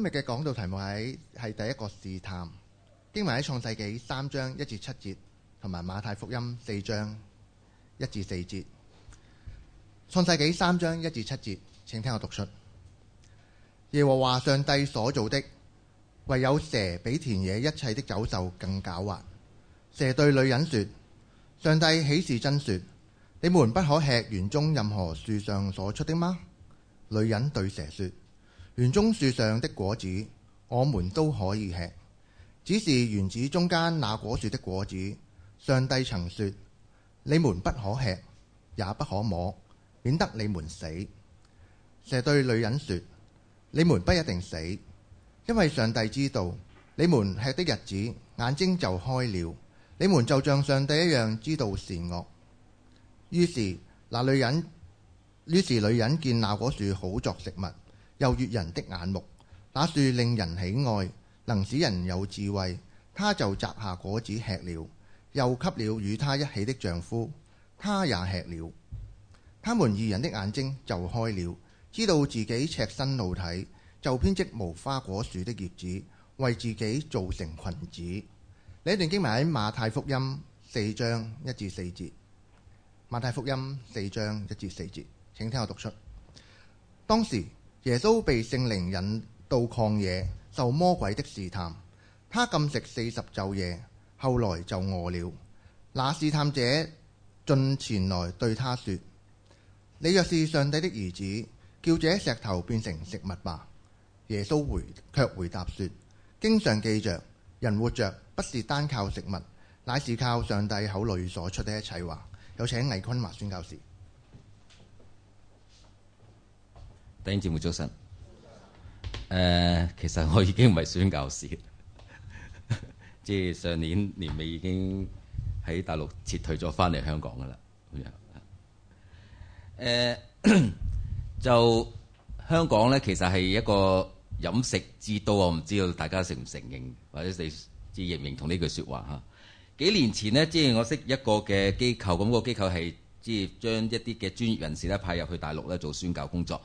今日嘅講道題目喺係第一個試探，經文喺創世紀三章一至七節，同埋馬太福音四章一至四節。創世紀三章一至七節，請聽我讀出：耶和華上帝所造的，唯有蛇比田野一切的走獸更狡猾。蛇對女人說：上帝豈是真說，你們不可吃園中任何樹上所出的嗎？女人對蛇說。園中樹上的果子，我們都可以吃。只是園子中間那果樹的果子，上帝曾說你們不可吃，也不可摸，免得你們死。蛇對女人說：你們不一定死，因為上帝知道你們吃的日子眼睛就開了，你們就像上帝一樣知道善惡。於是那女人，於是女人見那果樹好作食物。又悅人的眼目，那樹令人喜愛，能使人有智慧。他就摘下果子吃了，又給了與他一起的丈夫，他也吃了。他們二人的眼睛就開了，知道自己赤身露體，就編織無花果樹的葉子，為自己做成裙子。呢一段經文喺馬太福音四章一至四節。馬太福音四章一至四節，請聽我讀出當時。耶穌被聖靈引到曠野，受魔鬼的試探。他禁食四十晝夜，後來就餓了。那試探者進前來對他說：你若是上帝的兒子，叫這石頭變成食物吧。耶穌回卻回答說：經常記着，人活着不是單靠食物，乃是靠上帝口裏所出的一切話。有請倪坤華宣教士。聽節目早晨，誒、嗯，其實我已經唔係宣教士，即係上年年尾已經喺大陸撤退咗，翻嚟香港噶啦。誒、嗯，就香港咧，其實係一個飲食之都。我唔知道大家承唔承認，或者你認唔認同呢句説話嚇、啊。幾年前呢，即係我識一個嘅機構，咁、嗰個機構係即係將一啲嘅專業人士咧派入去大陸咧做宣教工作。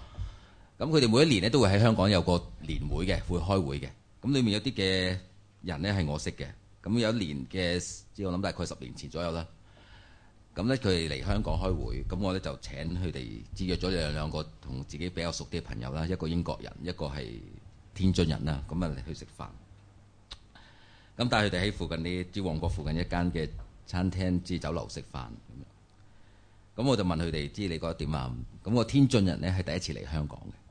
咁佢哋每一年咧都會喺香港有個年會嘅，會開會嘅。咁裏面有啲嘅人呢係我識嘅。咁有一年嘅，即我諗大概十年前左右啦。咁呢，佢哋嚟香港開會，咁我呢，就請佢哋，即係約咗兩兩個同自己比較熟啲嘅朋友啦，一個英國人，一個係天津人啦。咁啊，去食飯。咁帶佢哋喺附近啲，即旺角附近一間嘅餐廳，即酒樓食飯。咁我就問佢哋，知你覺得點啊？咁我天津人呢，係第一次嚟香港嘅。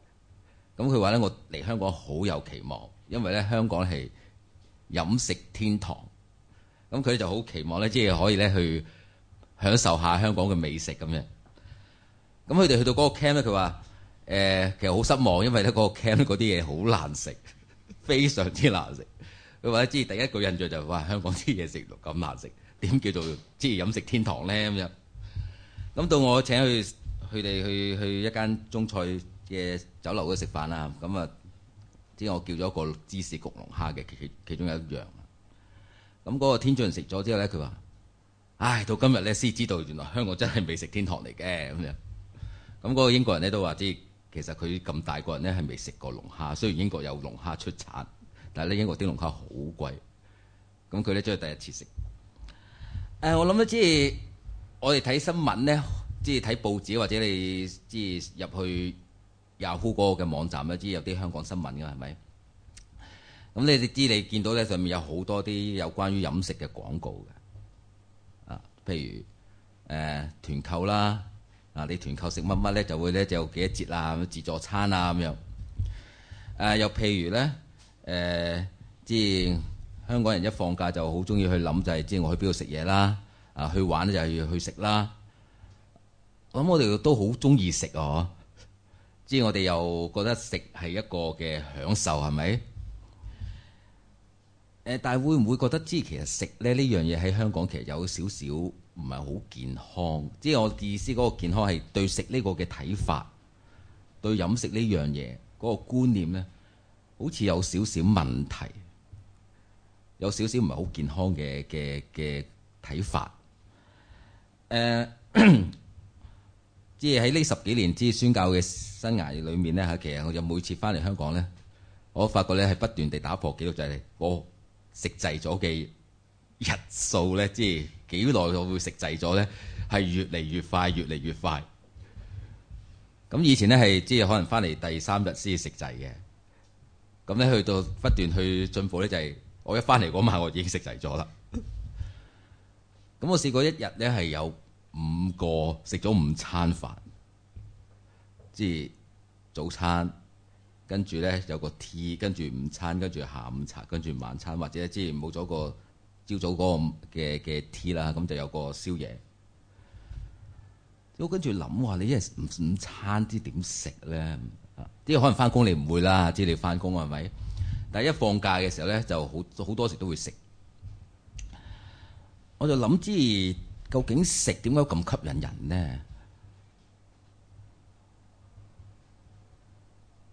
咁佢話咧，我嚟香港好有期望，因為咧香港係飲食天堂。咁佢就好期望咧，即係可以咧去享受下香港嘅美食咁樣。咁佢哋去到嗰個 camp 咧，佢話誒其實好失望，因為咧嗰個 camp 嗰啲嘢好難食，非常之難食。佢話咧，即係第一個印象就係話香港啲嘢食咁難食，點叫做即係飲食天堂咧咁樣。咁到我請佢佢哋去去，去，去一間中菜。嘅酒樓嗰度食飯啦，咁啊之後我叫咗個芝士焗龍蝦嘅其其中一樣，咁、那、嗰個天津人食咗之後咧，佢話，唉，到今日咧先知道原來香港真係美食天堂嚟嘅咁樣。咁嗰、那個英國人咧都話，即係其實佢咁大個人咧係未食過龍蝦，雖然英國有龍蝦出產，但係咧英國啲龍蝦好貴。咁佢咧即係第一次食。誒、呃，我諗都即係我哋睇新聞咧，即係睇報紙或者你即係入去。Yahoo 嗰個嘅網站咧，知有啲香港新聞嘅係咪？咁你哋知你見到咧上面有好多啲有關於飲食嘅廣告嘅啊，譬如誒、呃、團購啦，啊你團購食乜乜咧就會咧就有幾多折啊，自助餐啊咁樣。誒、啊、又譬如咧誒，即、呃、係香港人一放假就好中意去諗，就係即係我去邊度食嘢啦，啊去玩就係去食啦。咁我哋都好中意食啊！我即我哋又覺得食係一個嘅享受，係咪？誒，但係會唔會覺得，即係其實食咧呢樣嘢喺香港其實有少少唔係好健康。即係我意思嗰個健康係對食呢個嘅睇法，對飲食呢樣嘢嗰個觀念咧，好似有少少問題，有少少唔係好健康嘅嘅嘅睇法。誒、呃。 即係喺呢十幾年之宣教嘅生涯裏面咧嚇，其實我就每次翻嚟香港咧，我發覺咧係不斷地打破紀錄，就係我食滯咗嘅日數咧，即係幾耐我會食滯咗咧，係越嚟越快，越嚟越快。咁以前咧係即係可能翻嚟第三日先食滯嘅，咁咧去到不斷去進步咧，就係我一翻嚟嗰晚我已經食滯咗啦。咁我試過一日咧係有。五個食咗五餐飯，即係早餐，跟住咧有個 tea，跟住午餐，跟住下午茶，跟住晚餐，或者之前冇咗個朝早嗰個嘅嘅 tea 啦，咁就有個宵夜。我跟住諗話，你一日五五餐啲點食咧？啲可能翻工你唔會啦，知你翻工係咪？但係一放假嘅時候咧，就好好多時都會食。我就諗之。究竟食點解咁吸引人呢？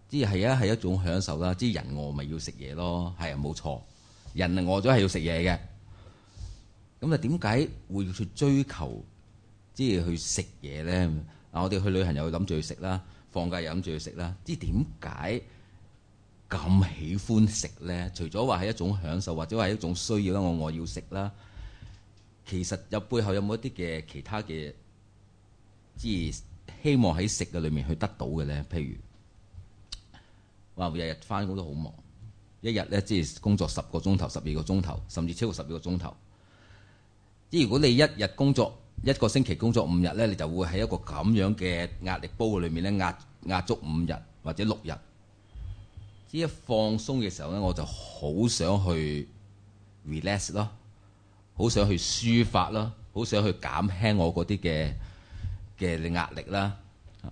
即係啊係一種享受啦。即係人餓咪要食嘢咯，係啊，冇錯。人餓咗係要食嘢嘅。咁啊，點解會去追求即係去食嘢呢？啊，我哋去旅行又諗住去食啦，放假又諗住去食啦。即係點解咁喜歡食呢？除咗話係一種享受，或者話係一種需要啦，我我要食啦。其實有背後有冇一啲嘅其他嘅，即係希望喺食嘅裡面去得到嘅咧？譬如話日日翻工都好忙，一日咧，即係工作十個鐘頭、十二個鐘頭，甚至超過十二個鐘頭。即係如果你一日工作一個星期工作五日咧，你就會喺一個咁樣嘅壓力煲嘅裡面咧，壓壓足五日或者六日。即一放鬆嘅時候咧，我就好想去 relax 咯。好想去抒發咯，好想去減輕我嗰啲嘅嘅壓力啦，啊。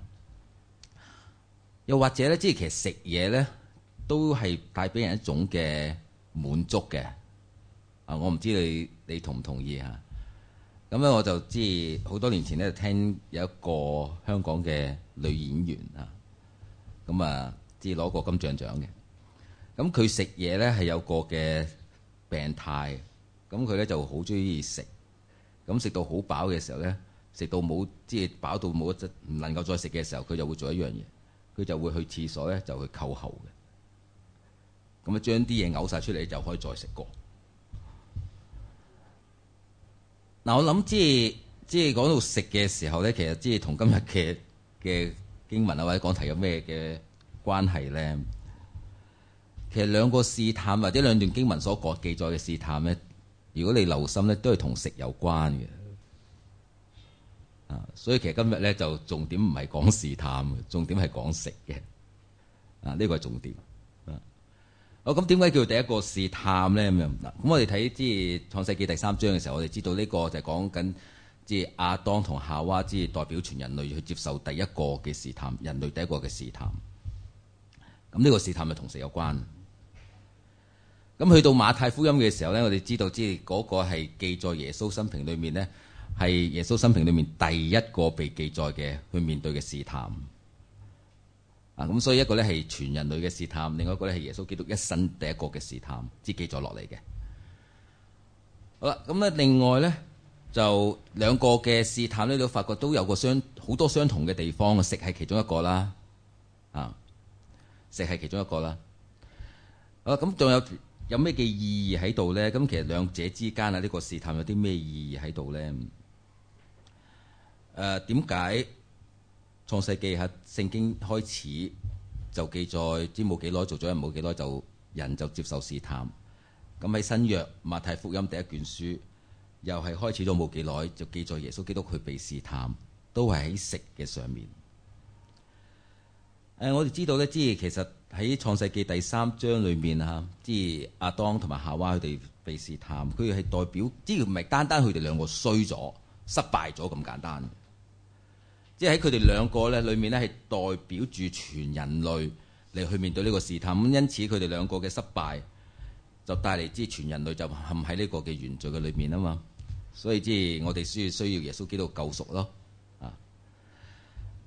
又或者呢，即係其實食嘢呢都係帶俾人一種嘅滿足嘅。啊，我唔知你你同唔同意啊？咁咧，我就知好多年前呢，聽有一個香港嘅女演員啊，咁啊，即係攞過金像獎嘅。咁佢食嘢呢，係有個嘅病態。咁佢咧就好中意食，咁食到好飽嘅時候咧，食到冇即係飽到冇一，唔能夠再食嘅時候，佢就會做一樣嘢，佢就會去廁所咧，就去扣喉嘅。咁啊，將啲嘢嘔晒出嚟就可以再食過。嗱，我諗即係即係講到食嘅時候咧，其實即係同今日嘅嘅經文啊，或者講題有咩嘅關係咧？其實兩個試探或者兩段經文所講記載嘅試探咧，如果你留心咧，都係同食有關嘅 啊，所以其實今日咧就重點唔係講試探，重點係講食嘅啊，呢、呢個係重點啊。好，咁點解叫第一個試探咧？咁又唔咁，我哋睇即係創世記第三章嘅時候，我哋知道呢個就係講緊即係亞當同夏娃，之代表全人類去接受第一個嘅試探，人類第一個嘅試探。咁、啊、呢個試探咪同食有關？咁去到馬太福音嘅時候呢，我哋知道即係嗰個係記載耶穌生平裏面呢，係耶穌生平裏面第一個被記載嘅去面對嘅試探。啊，咁所以一個呢係全人類嘅試探，另外一個呢係耶穌基督一生第一個嘅試探，即係記載落嚟嘅。好啦，咁呢另外呢，就兩個嘅試探呢，你都發覺都有個相好多相同嘅地方，食係其中一個啦。啊，食係其中一個啦。啊，咁仲有。有咩嘅意義喺度呢？咁其實兩者之間啊，呢個試探有啲咩意義喺度呢？誒點解創世記喺聖經開始就記載，知冇幾耐做咗人，冇幾耐就人就接受試探。咁喺新約馬太福音第一卷書又係開始咗冇幾耐就記載耶穌基督佢被試探，都係喺食嘅上面。誒、嗯，我哋知道咧，即係其實喺創世記第三章裏面嚇，即係亞當同埋夏娃佢哋被試探，佢哋係代表，即係唔係單單佢哋兩個衰咗、失敗咗咁簡單。即係喺佢哋兩個咧裏面咧，係代表住全人類嚟去面對呢個試探。因此佢哋兩個嘅失敗，就帶嚟即係全人類就陷喺呢個嘅原罪嘅裏面啊嘛。所以即係我哋需要需要耶穌基督救贖咯。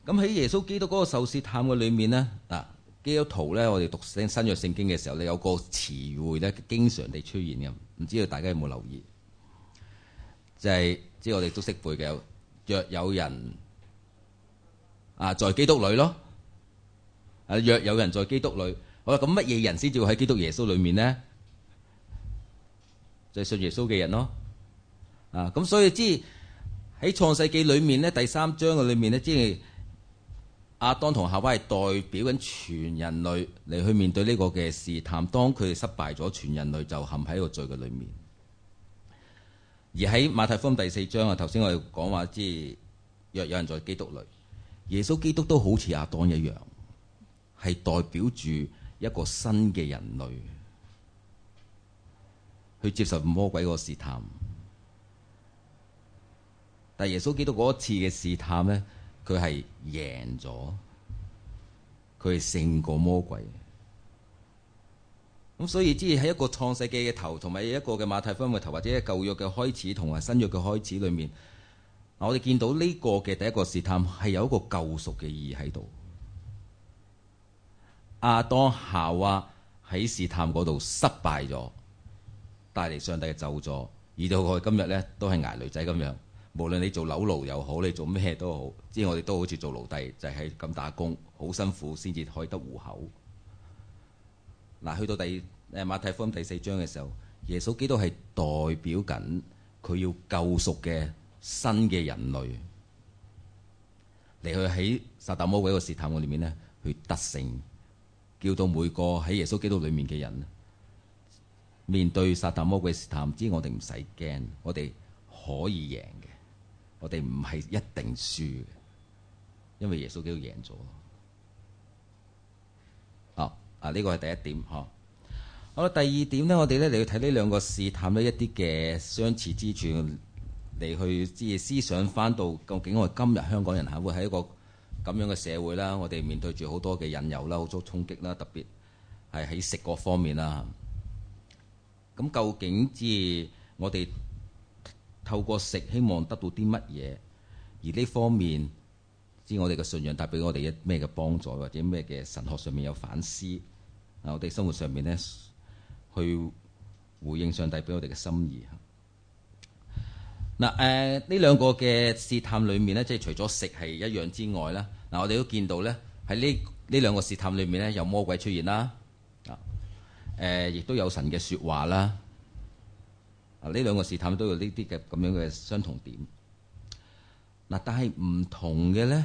咁喺耶穌基督嗰個受試探嘅裏面呢，嗱，基督徒咧，我哋讀新新約聖經嘅時候咧，有個詞彙咧，經常地出現嘅，唔知道大家有冇留意？就係即係我哋都識背嘅，若有人啊，在基督裏咯，啊，若有人在基督裏，好啦，咁乜嘢人先至會喺基督耶穌裏面呢？就係信耶穌嘅人咯，啊，咁所以即係喺創世記裏面咧，第三章嘅裏面呢，即係。阿當同夏娃係代表緊全人類嚟去面對呢個嘅試探，當佢哋失敗咗，全人類就陷喺個罪嘅裏面。而喺馬太福音第四章啊，頭先我哋講話即係若有人在基督裏，耶穌基督都好似阿當一樣，係代表住一個新嘅人類去接受魔鬼個試探。但耶穌基督嗰次嘅試探呢？佢係贏咗，佢係勝過魔鬼嘅。咁所以即係喺一個創世記嘅頭，同埋一個嘅馬太福音嘅頭，或者舊約嘅開始同埋新約嘅開始裏面，我哋見到呢個嘅第一個試探係有一個救贖嘅意義喺度。亞當夏娃喺試探嗰度失敗咗，帶嚟上帝嘅救助，而到佢今日咧都係捱女仔咁樣。無論你做樓奴又好，你做咩都好，即係我哋都好似做奴隸，就係、是、咁打工，好辛苦先至可以得糊口。嗱、啊，去到第誒馬太福音第四章嘅時候，耶穌基督係代表緊佢要救贖嘅新嘅人類嚟去喺撒但魔鬼個試探裏面呢，去得勝，叫到每個喺耶穌基督裏面嘅人面對撒但魔鬼嘅試探，知我哋唔使驚，我哋可以贏嘅。我哋唔係一定輸嘅，因為耶穌基督贏咗。啊啊，呢個係第一點呵，啊。好啦，第二點咧，我哋咧嚟睇呢兩個試探咗一啲嘅相似之處，嚟去即係思想翻到究竟我哋今日香港人係會喺一個咁樣嘅社會啦，我哋面對住好多嘅引誘啦，好多衝擊啦，特別係喺食嗰方面啦。咁究竟即係我哋？透過食希望得到啲乜嘢？而呢方面，知我哋嘅信仰帶俾我哋嘅咩嘅幫助，或者咩嘅神學上面有反思？嗱，我哋生活上面咧，去回應上帝俾我哋嘅心意。嗱、呃，誒呢兩個嘅試探裡面咧，即係除咗食係一樣之外啦。嗱，我哋都見到咧喺呢呢兩個試探裡面咧，有魔鬼出現啦。啊、呃，誒亦都有神嘅説話啦。啊！呢兩個試探都有呢啲嘅咁樣嘅相同點。嗱，但係唔同嘅咧，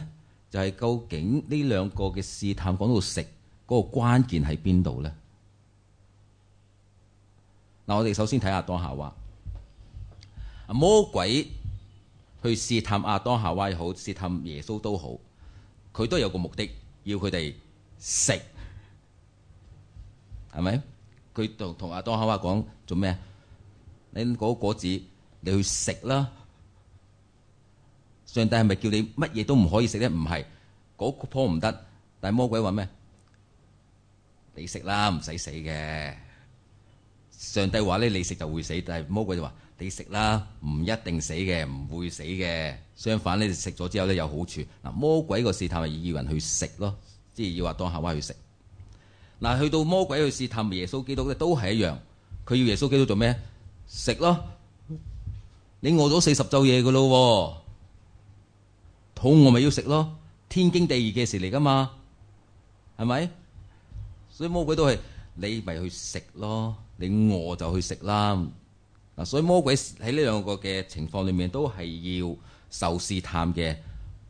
就係究竟呢兩個嘅試探講到食嗰個關鍵喺邊度咧？嗱，我哋首先睇下當夏娃，魔鬼去試探阿當夏娃又好，試探耶穌都好，佢都有個目的，要佢哋食，係咪？佢同同阿當夏娃講做咩啊？你嗰個果子你去食啦。上帝係咪叫你乜嘢都唔可以食呢？唔係嗰個唔得，但係魔鬼話咩？你食啦，唔使死嘅。上帝話呢，「你食就會死」。但係魔鬼就話你食啦，唔一定死嘅，唔會死嘅。相反咧，食咗之後呢，有好處嗱。魔鬼個試探係要人去食咯，即係要話當下話去食嗱。去到魔鬼去試探耶穌基督咧，都係一樣，佢要耶穌基督做咩？食咯，你餓咗四十晝夜噶咯，肚餓咪要食咯，天經地義嘅事嚟噶嘛，係咪？所以魔鬼都係你咪去食咯，你餓就去食啦。嗱，所以魔鬼喺呢兩個嘅情況裏面都係要受試探嘅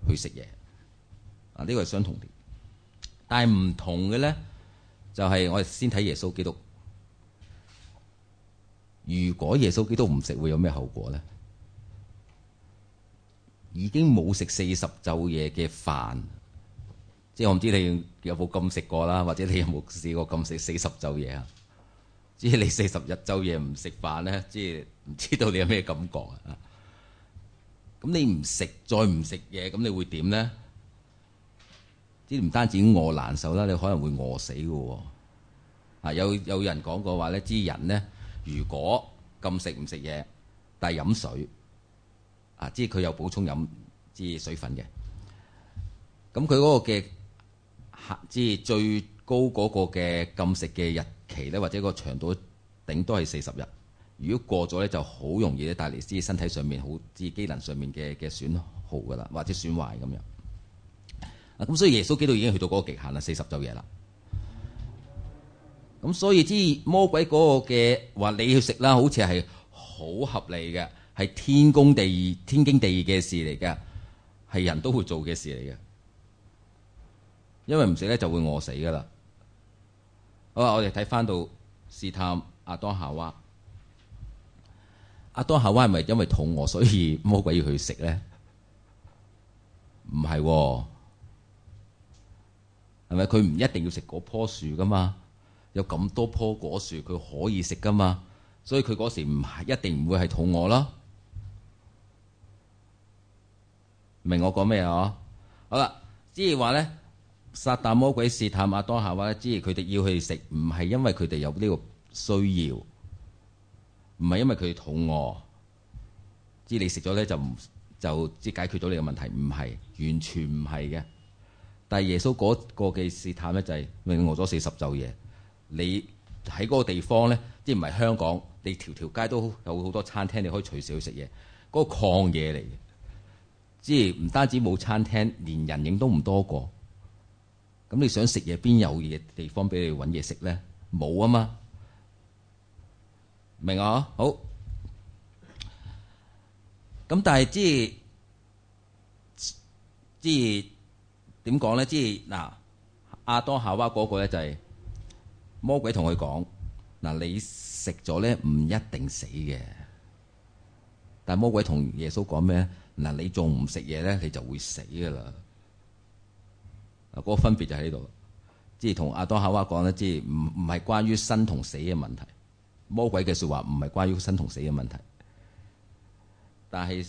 去食嘢。啊，呢個係相同點，但係唔同嘅咧，就係、是、我哋先睇耶穌基督。如果耶穌基督唔食，會有咩後果呢？已經冇食四十晝夜嘅飯，即係我唔知你有冇咁食過啦，或者你有冇試過禁食四十晝夜啊？即係你四十日晝夜唔食飯呢？即係唔知道你有咩感覺啊？咁你唔食，再唔食嘢，咁你會點呢？即係唔單止餓難受啦，你可能會餓死嘅喎。啊，有有人講過話呢，啲人呢。如果禁食唔食嘢，但係飲水，啊，即係佢有補充飲，即係水分嘅。咁佢嗰個嘅，即、啊、係最高嗰個嘅禁食嘅日期咧，或者個長度頂多係四十日。如果過咗咧，就好容易咧帶嚟啲身體上面好，即係機能上面嘅嘅損耗噶啦，或者損壞咁樣。啊，咁、嗯、所以耶穌基督已經去到嗰個極限啦，四十晝夜啦。咁、嗯、所以之以魔鬼嗰個嘅話，你要食啦，好似係好合理嘅，係天公地義，天經地義嘅事嚟嘅，係人都會做嘅事嚟嘅，因為唔食咧就會餓死噶啦。好啊，我哋睇翻到試探阿當夏娃，阿當夏娃係咪因為肚餓所以魔鬼要去食咧？唔係。哦，係咪佢唔一定要食嗰棵樹噶嘛？有咁多棵果樹，佢可以食噶嘛？所以佢嗰時唔一定唔會係肚餓囉。明我講咩啊？好啦，之而話咧，撒旦魔鬼試探亞當夏娃咧，之而佢哋要去食，唔係因為佢哋有呢個需要，唔係因為佢肚餓。之你食咗咧就唔就即解決咗你嘅問題，唔係完全唔係嘅。但係耶穌嗰個嘅試探咧就係餓咗四十晝夜。你喺嗰個地方咧，即係唔係香港？你條條街都有好多餐廳，你可以隨時去食嘢。嗰個曠嘢嚟嘅，即係唔單止冇餐廳，連人影都唔多個。咁你想食嘢，邊有嘢地方俾你揾嘢食咧？冇啊嘛，明啊？好。咁但係即係即係點講咧？即係嗱，阿當夏娃嗰個咧就係。魔鬼同佢講：嗱，你食咗咧唔一定死嘅。但係魔鬼同耶穌講咩咧？嗱，你仲唔食嘢咧，你就會死噶啦。嗱，嗰個分別就喺呢度，即係同亞當夏娃講咧，即係唔唔係關於生同死嘅問題。魔鬼嘅說話唔係關於生同死嘅問題，但係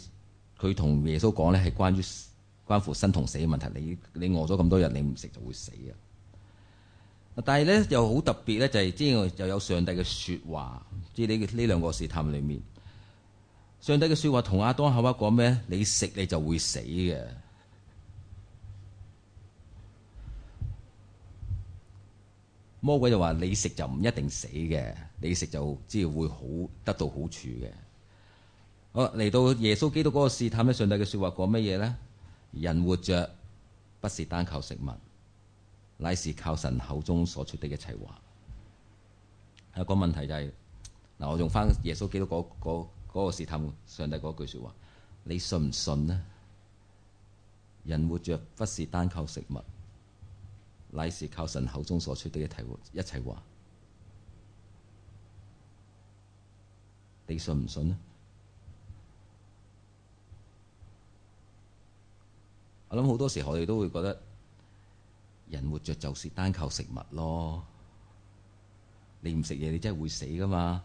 佢同耶穌講咧係關於關乎生同死嘅問題。你你餓咗咁多日，你唔食就會死啊！但係咧又好特別咧，之前就係即係又有上帝嘅説話，即係呢呢兩個試探裡面，上帝嘅説話同阿當口話講咩？你食你就會死嘅。魔鬼就話你食就唔一定死嘅，你食就即係會好得到好處嘅。好，嚟到耶穌基督嗰個試探咧，上帝嘅説話講乜嘢咧？人活着不是單靠食物。乃是靠神口中所出的一切話。有個問題就係，嗱，我用翻耶穌基督嗰嗰嗰個試、那個、探上帝嗰句説話，你信唔信呢？人活着不是單靠食物，乃是靠神口中所出的一切話。你信唔信呢？我諗好多時候我哋都會覺得。人活着就是單靠食物咯，你唔食嘢你真係會死噶嘛？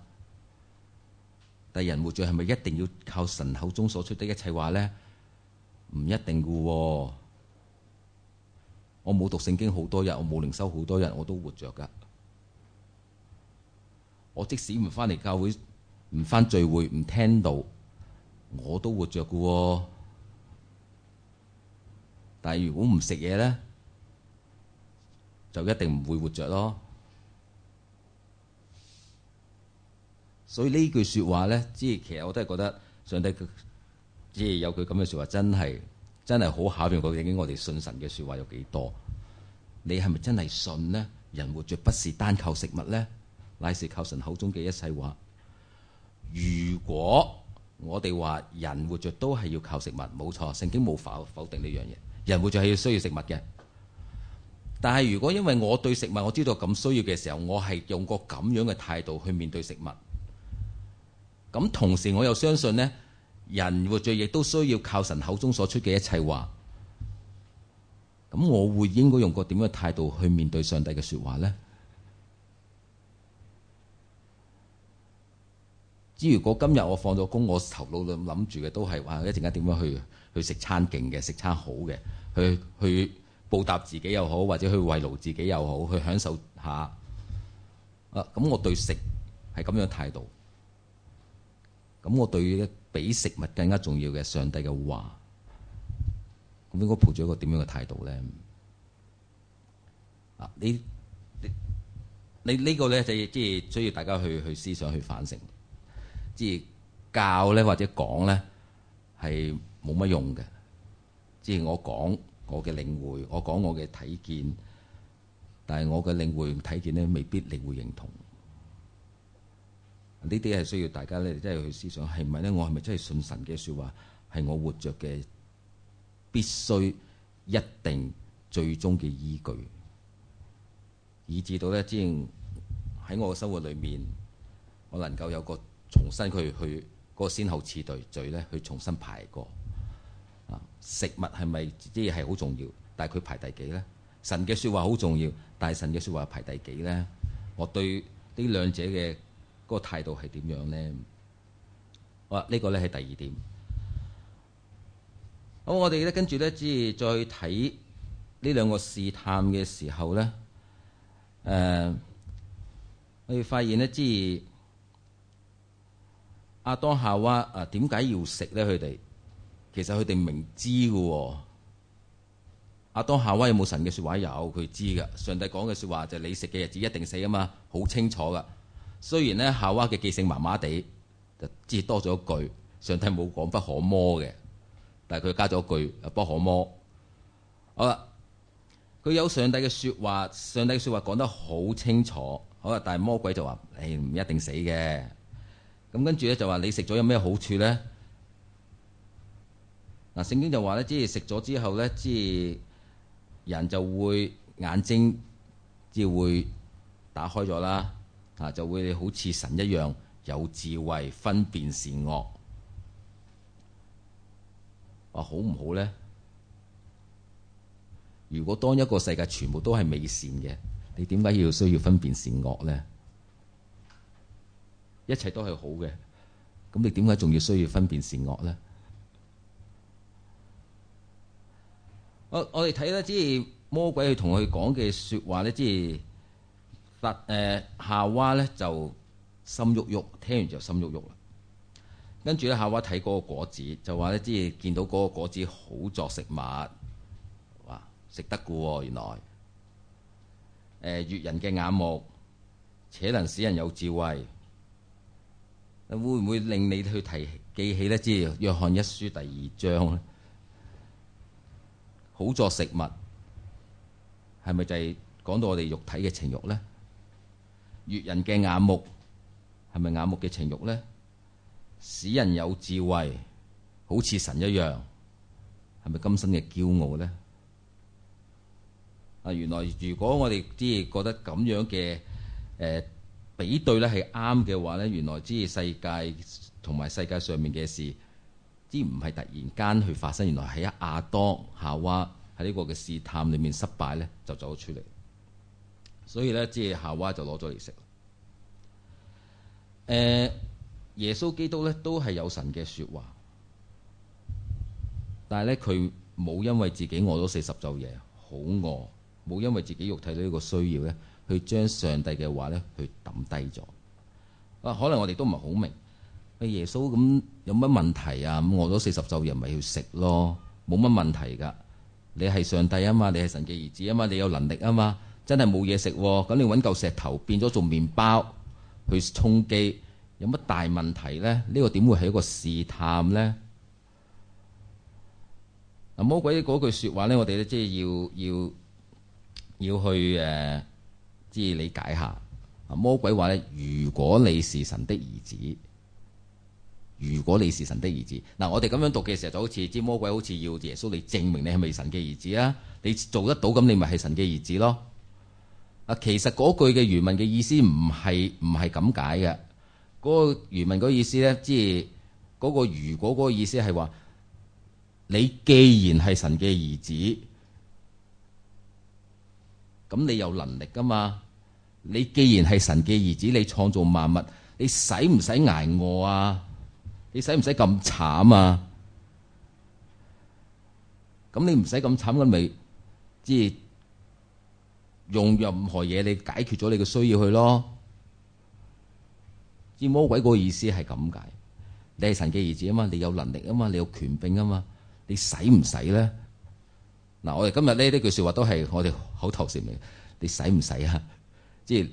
但係人活着係咪一定要靠神口中所出的一切話呢？唔一定噶喎、哦，我冇讀聖經好多日，我冇靈修好多日，我都活着噶。我即使唔返嚟教會，唔返聚會，唔聽道，我都活着噶、哦。但係如果唔食嘢呢？就一定唔會活着咯，所以呢句說話呢，即係其實我都係覺得，上帝即係有句咁嘅說話，真係真係好考驗，究竟我哋信神嘅說話有幾多？你係咪真係信呢？人活着不是單靠食物呢，乃是靠神口中嘅一切話。如果我哋話人活着都係要靠食物，冇錯，聖經冇否否定呢樣嘢，人活着係要需要食物嘅。但係如果因為我對食物我知道咁需要嘅時候，我係用個咁樣嘅態度去面對食物。咁同時我又相信呢，人活著亦都需要靠神口中所出嘅一切話。咁我會應該用個點樣嘅態度去面對上帝嘅説話呢？只如果今日我放咗工，我頭腦裏諗住嘅都係話一陣間點樣去去食餐勁嘅，食餐好嘅，去去。報答自己又好，或者去慰勞自己又好，去享受下。啊，咁我對食係咁樣態度，咁我對比食物更加重要嘅上帝嘅話，咁應該抱住一個點樣嘅態度呢？啊，你你你呢個咧就即係需要大家去去思想去反省，即係教呢，或者講呢，係冇乜用嘅，即係我講。我嘅領會，我講我嘅睇見，但係我嘅領會睇見咧，未必你會認同。呢啲係需要大家咧，即係去思想，係咪呢？我係咪真係信神嘅說話？係我活着嘅必須、一定、最終嘅依據，以至到呢。之前喺我嘅生活裏面，我能夠有個重新去去個先後次序，序咧去重新排過。食物係咪即係係好重要？但係佢排第幾咧？神嘅說話好重要，但係神嘅說話排第幾咧？我對呢兩者嘅嗰個態度係點樣咧？好啦，呢個咧係第二點。好，我哋咧跟住咧即再睇呢兩個試探嘅時候咧，誒、呃，我要發現即係阿當夏娃啊，點解、啊、要食咧？佢哋？其實佢哋明知嘅喎、哦，阿當夏娃有冇神嘅説話？有佢知嘅，上帝講嘅説話就係、是、你食嘅日子一定死啊嘛，好清楚嘅。雖然咧夏娃嘅記性麻麻地，就知多咗一句，上帝冇講不可摸嘅，但係佢加咗一句不可摸。好啦，佢有上帝嘅説話，上帝嘅説話講得好清楚，好啦，但係魔鬼就話：誒唔一定死嘅。咁跟住咧就話你食咗有咩好處咧？嗱，聖經就話呢，即係食咗之後呢，即係人就會眼睛即係會打開咗啦，啊就會好似神一樣有智慧分辨善惡，啊好唔好呢？如果當一個世界全部都係美善嘅，你點解要需要分辨善惡呢？一切都係好嘅，咁你點解仲要需要分辨善惡呢？啊、我哋睇咧，即係魔鬼去同佢講嘅説話呢，即係突誒夏娃呢就心郁郁，聽完就心郁郁啦。跟住咧，夏娃睇嗰個果子，就話呢，即係見到嗰個果子好作食物，話食得嘅喎，原來誒悦、啊呃、人嘅眼目，且能使人有智慧，會唔會令你去提起記起呢？即係約翰一書第二章咧。好作食物係咪就係講到我哋肉體嘅情欲呢？悦人嘅眼目係咪眼目嘅情欲呢？使人有智慧好似神一樣，係咪今生嘅驕傲呢？啊、呃，原來如果我哋即係覺得咁樣嘅誒比對咧係啱嘅話咧，原來即係世界同埋世界上面嘅事。啲唔係突然間去發生，原來喺一亞當夏娃喺呢個嘅試探裏面失敗呢，就走咗出嚟。所以呢，即係夏娃就攞咗嚟食。誒，耶穌基督呢，都係有神嘅説話，但係呢，佢冇因為自己餓咗四十晝夜好餓，冇因為自己肉體呢一個需要呢，去將上帝嘅話呢去抌低咗。啊，可能我哋都唔係好明。阿耶穌咁有乜問題啊？咁、嗯、餓咗四十晝日咪去食咯，冇乜問題噶。你係上帝啊嘛，你係神嘅兒子啊嘛，你有能力啊嘛，真係冇嘢食喎。咁你揾嚿石頭變咗做麵包去充飢，有乜大問題呢？呢、呢個點會係一個試探呢？啊，魔鬼嗰句説話呢，我哋呢即係要要要去誒、呃，即係理解下啊。魔鬼話呢，如果你是神的兒子，如果你是神的兒子，嗱，我哋咁樣讀嘅時候就好似啲魔鬼，好似要耶穌你證明你係咪神嘅兒子啊。你做得到咁，你咪係神嘅兒子咯。啊，其實嗰句嘅原文嘅意思唔係唔係咁解嘅。嗰、嗰個原文嗰意思咧，即係嗰個如果嗰個意思係話，你既然係神嘅兒子，咁你有能力噶嘛？你既然係神嘅兒子，你創造萬物，你使唔使捱餓啊？你使唔使咁慘啊？咁你唔使咁慘，我咪即係用任何嘢，你解決咗你嘅需要去咯。知魔鬼個意思係咁解，你係神嘅兒子啊嘛，你有能力啊嘛，你有權柄啊嘛，你使唔使咧？嗱，我哋今日呢呢句說話都係我哋口頭禪嚟，你使唔使啊？即係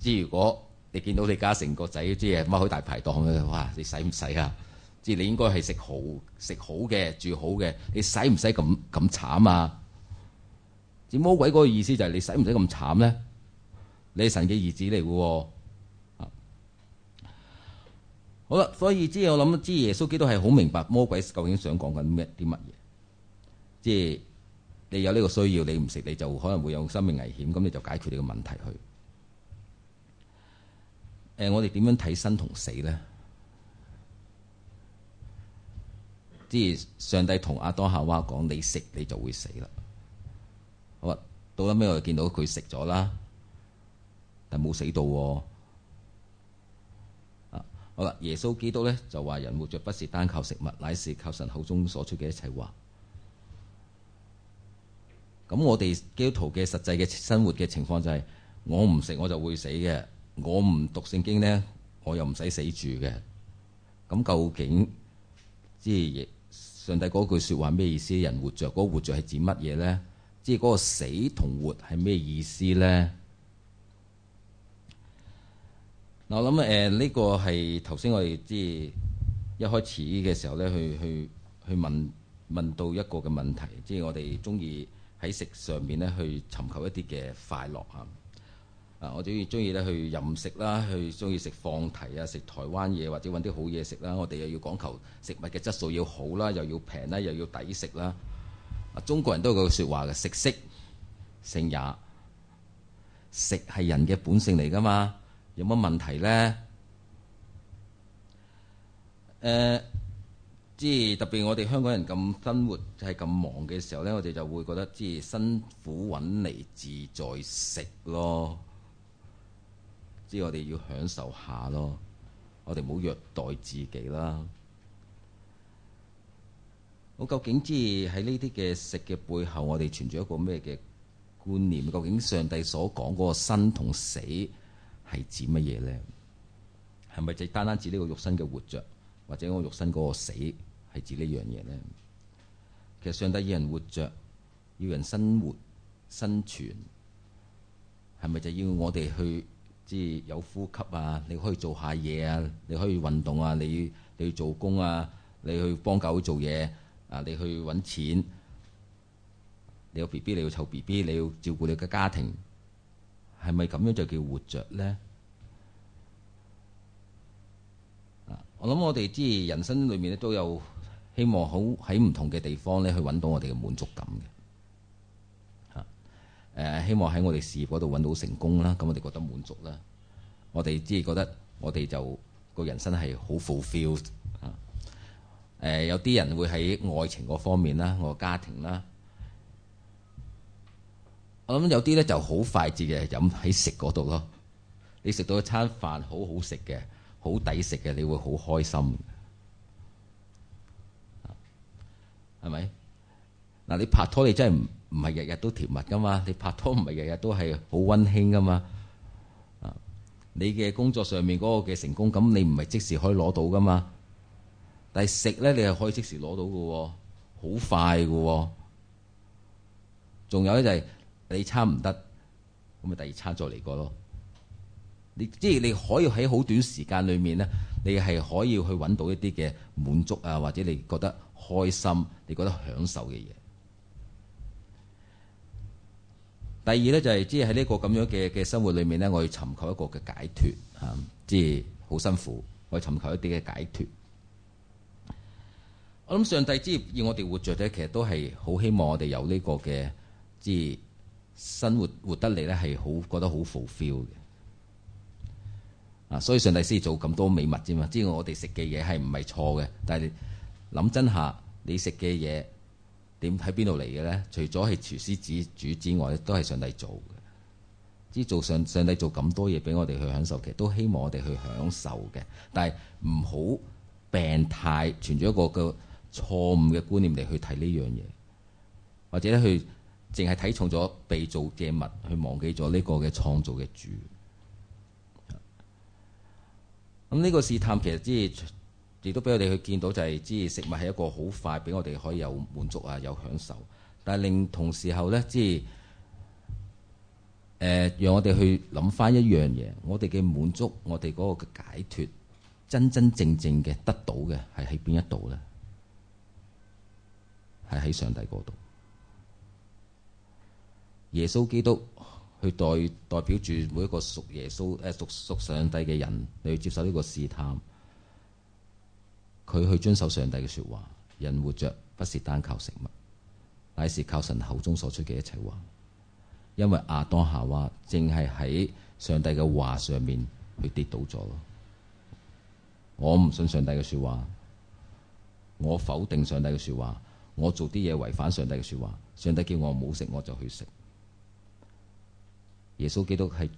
即係如果。你見到李嘉誠個仔啲嘢踎喺大排檔咧，哇！你使唔使啊？即係你應該係食好、食好嘅，住好嘅。你使唔使咁咁慘啊？即係魔鬼嗰個意思就係你使唔使咁慘咧？你係神嘅兒子嚟嘅喎。好啦，所以即係我諗，知耶穌基督係好明白魔鬼究竟想講緊咩啲乜嘢。即係你有呢個需要，你唔食你就可能會有生命危險，咁你就解決你個問題去。誒、呃，我哋點樣睇生同死咧？即係上帝同亞當夏娃講：你食你就會死啦。好啊，到咗尾我哋見到佢食咗啦，但冇死到喎。啊，好啦，耶穌基督咧就話：人活着不是單靠食物，乃是靠神口中所出嘅一切話。咁我哋基督徒嘅實際嘅生活嘅情況就係、是：我唔食我就會死嘅。我唔讀聖經呢，我又唔使死住嘅。咁究竟，即係上帝嗰句説話咩意思？人活着，嗰個活着係指乜嘢呢？即係嗰個死同活係咩意思呢？我諗誒，呢個係頭先我哋即係一開始嘅時候呢，去去去問問到一個嘅問題，即係我哋中意喺食上面呢去尋求一啲嘅快樂啊！啊！我中意中意咧去飲食啦，去中意食放題啊，食台灣嘢或者揾啲好嘢食啦。我哋又要講求食物嘅質素要好啦，又要平啦，又要抵食啦。中國人都有句説話嘅，食色性也，食係人嘅本性嚟㗎嘛。有乜問題呢？誒、呃，即係特別我哋香港人咁生活係咁忙嘅時候呢，我哋就會覺得即係辛苦揾嚟自在食咯。知我哋要享受下咯，我哋唔好虐待自己啦。我究竟知喺呢啲嘅食嘅背後，我哋存在一個咩嘅觀念？究竟上帝所講嗰個生同死係指乜嘢咧？係咪就單單指呢個肉身嘅活着，或者我肉身嗰個死係指呢樣嘢咧？其實上帝要人活着，要人生活、生存，係咪就要我哋去？即係有呼吸啊！你可以做下嘢啊！你可以運動啊！你你去做工啊！你去幫狗做嘢啊！你去揾錢，你有 B B 你要湊 B B，你要照顧你嘅家庭，係咪咁樣就叫活着呢？我諗我哋即係人生裏面都有希望，好喺唔同嘅地方咧去揾到我哋嘅滿足感嘅。誒希望喺我哋事業嗰度揾到成功啦，咁我哋覺得滿足啦。我哋即係覺得我哋就個人生係好 fulfilled，啊。誒、啊、有啲人會喺愛情嗰方面啦，我家庭啦。我諗有啲咧就好快捷嘅，飲喺食嗰度咯。你食到一餐飯好好食嘅，好抵食嘅，你會好開心。係、啊、咪？嗱、啊、你拍拖你真係唔～唔係日日都甜蜜噶嘛？你拍拖唔係日日都係好溫馨噶嘛？啊，你嘅工作上面嗰個嘅成功感，咁你唔係即時可以攞到噶嘛？但係食呢，你係可以即時攞到嘅喎，好快嘅喎。仲有呢，就係你差唔得，咁咪第二餐再嚟過咯。你即係你可以喺好短時間裏面呢，你係可以去揾到一啲嘅滿足啊，或者你覺得開心，你覺得享受嘅嘢。第二咧就係，即係喺呢個咁樣嘅嘅生活裏面咧，我要尋求一個嘅解脫，嚇、嗯，即係好辛苦，我要尋求一啲嘅解脫。我諗上帝之要我哋活着咧，其實都係好希望我哋有呢個嘅，即係生活活得嚟咧係好覺得好 fulfill 嘅。啊，所以上帝先做咁多美物啫嘛，即係我哋食嘅嘢係唔係錯嘅，但係諗真下你食嘅嘢。點喺邊度嚟嘅咧？除咗係廚師煮煮之外，都係上帝做嘅。即係做上上帝做咁多嘢俾我哋去享受嘅，其實都希望我哋去享受嘅。但係唔好病態，存咗一個嘅錯誤嘅觀念嚟去睇呢樣嘢，或者去淨係睇重咗被造嘅物，去忘記咗呢個嘅創造嘅主。咁呢個試探，其實即係。亦都俾我哋去見到、就是，就係即食物係一個好快俾我哋可以有滿足啊，有享受。但係令同時候呢，即係誒讓我哋去諗翻一樣嘢，我哋嘅滿足，我哋嗰個嘅解脫，真真正正嘅得到嘅係喺邊一度呢？係喺上帝嗰度。耶穌基督去代代表住每一個屬耶穌誒屬屬上帝嘅人，你去接受呢個試探。佢去遵守上帝嘅説話。人活着不是單靠食物，乃是靠神口中所出嘅一切話。因為亞當夏娃正係喺上帝嘅話上面去跌倒咗咯。我唔信上帝嘅説話，我否定上帝嘅説話，我做啲嘢違反上帝嘅説話。上帝叫我唔好食，我就去食。耶穌基督係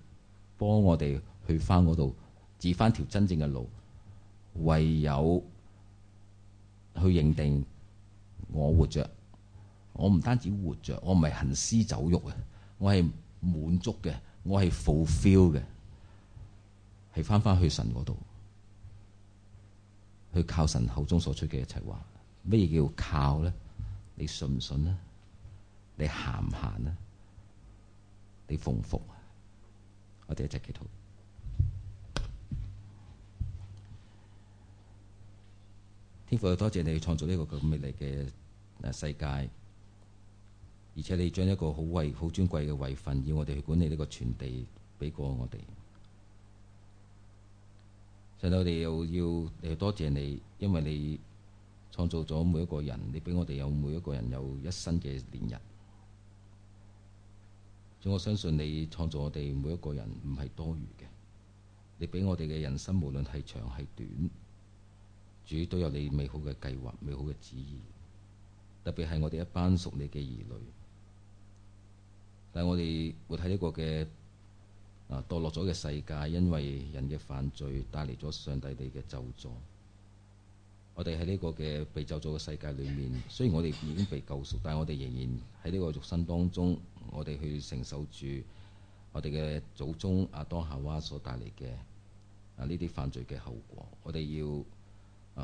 幫我哋去翻嗰度，指翻條真正嘅路，唯有，去認定我活着，我唔單止活着，我唔係行屍走肉啊！我係滿足嘅，我係 fulfill 嘅，係返返去神嗰度，去靠神口中所出嘅一切話。咩叫靠咧？你信唔信咧？你行唔行咧？你奉福？我哋一齊祈禱。，天父多謝你去創造呢一個咁美麗嘅世界，而且你將一個好貴、好尊貴嘅位份，要我哋去管理呢個傳遞，畀過我哋。上帝，我哋又要多謝，謝你，因為你創造咗每一個人，你俾我哋有每一個人有一生嘅年日。所以我相信你創造我哋每一個人唔係多餘嘅，你俾我哋嘅人生無論係長係短。主都有你美好嘅計劃、美好嘅旨意，特別係我哋一班屬你嘅兒女。但係我哋活喺呢個嘅啊墮落咗嘅世界，因為人嘅犯罪帶嚟咗上帝哋嘅咒詛。我哋喺呢個嘅被咒詛嘅世界裏面，雖然我哋已經被救贖，但係我哋仍然喺呢個肉身當中，我哋去承受住我哋嘅祖宗阿當夏娃所帶嚟嘅呢啲犯罪嘅後果。我哋要，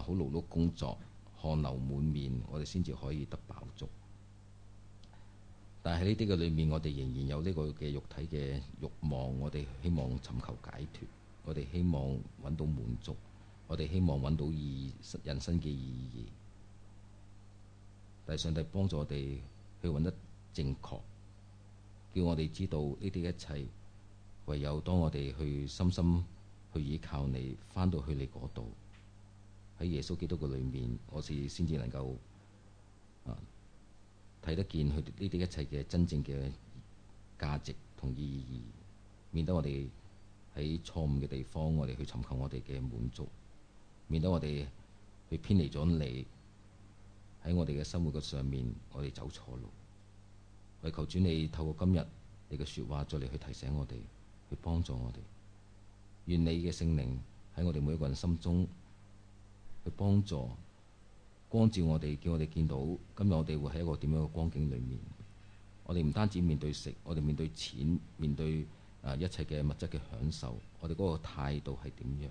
好勞碌工作，汗流滿面，我哋先至可以得飽足。但係呢啲嘅裏面，我哋仍然有呢個嘅肉體嘅慾望，我哋希望尋求解脫，我哋希望揾到滿足，我哋希望揾到意義，人生嘅意義。但係上帝幫助我哋去揾得正確，叫我哋知道呢啲一切，唯有當我哋去深深去依靠你，返到去你嗰度。喺耶穌基督嘅裏面，我哋先至能夠啊睇得見佢呢啲一切嘅真正嘅價值同意義，免得我哋喺錯誤嘅地方，我哋去尋求我哋嘅滿足，免得我哋去偏離咗你喺我哋嘅生活嘅上面，我哋走錯路。唯求主你透過今日你嘅說話，再嚟去提醒我哋，去幫助我哋。願你嘅聖靈喺我哋每一個人心中。去幫助、光照我哋，叫我哋見到今日我哋會喺一個點樣嘅光景裏面。我哋唔單止面對食，我哋面對錢，面對啊一切嘅物質嘅享受，我哋嗰個態度係點樣？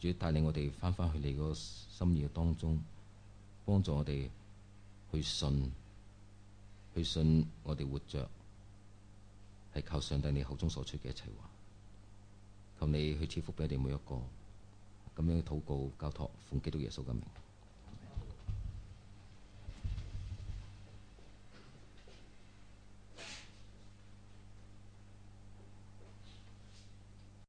主要帶領我哋翻返去你個心意嘅當中，幫助我哋去信，去信我哋活着係靠上帝你口中所出嘅一切話。求你去賜福俾我哋每一個。咁樣禱告交託，奉基督耶穌嘅名。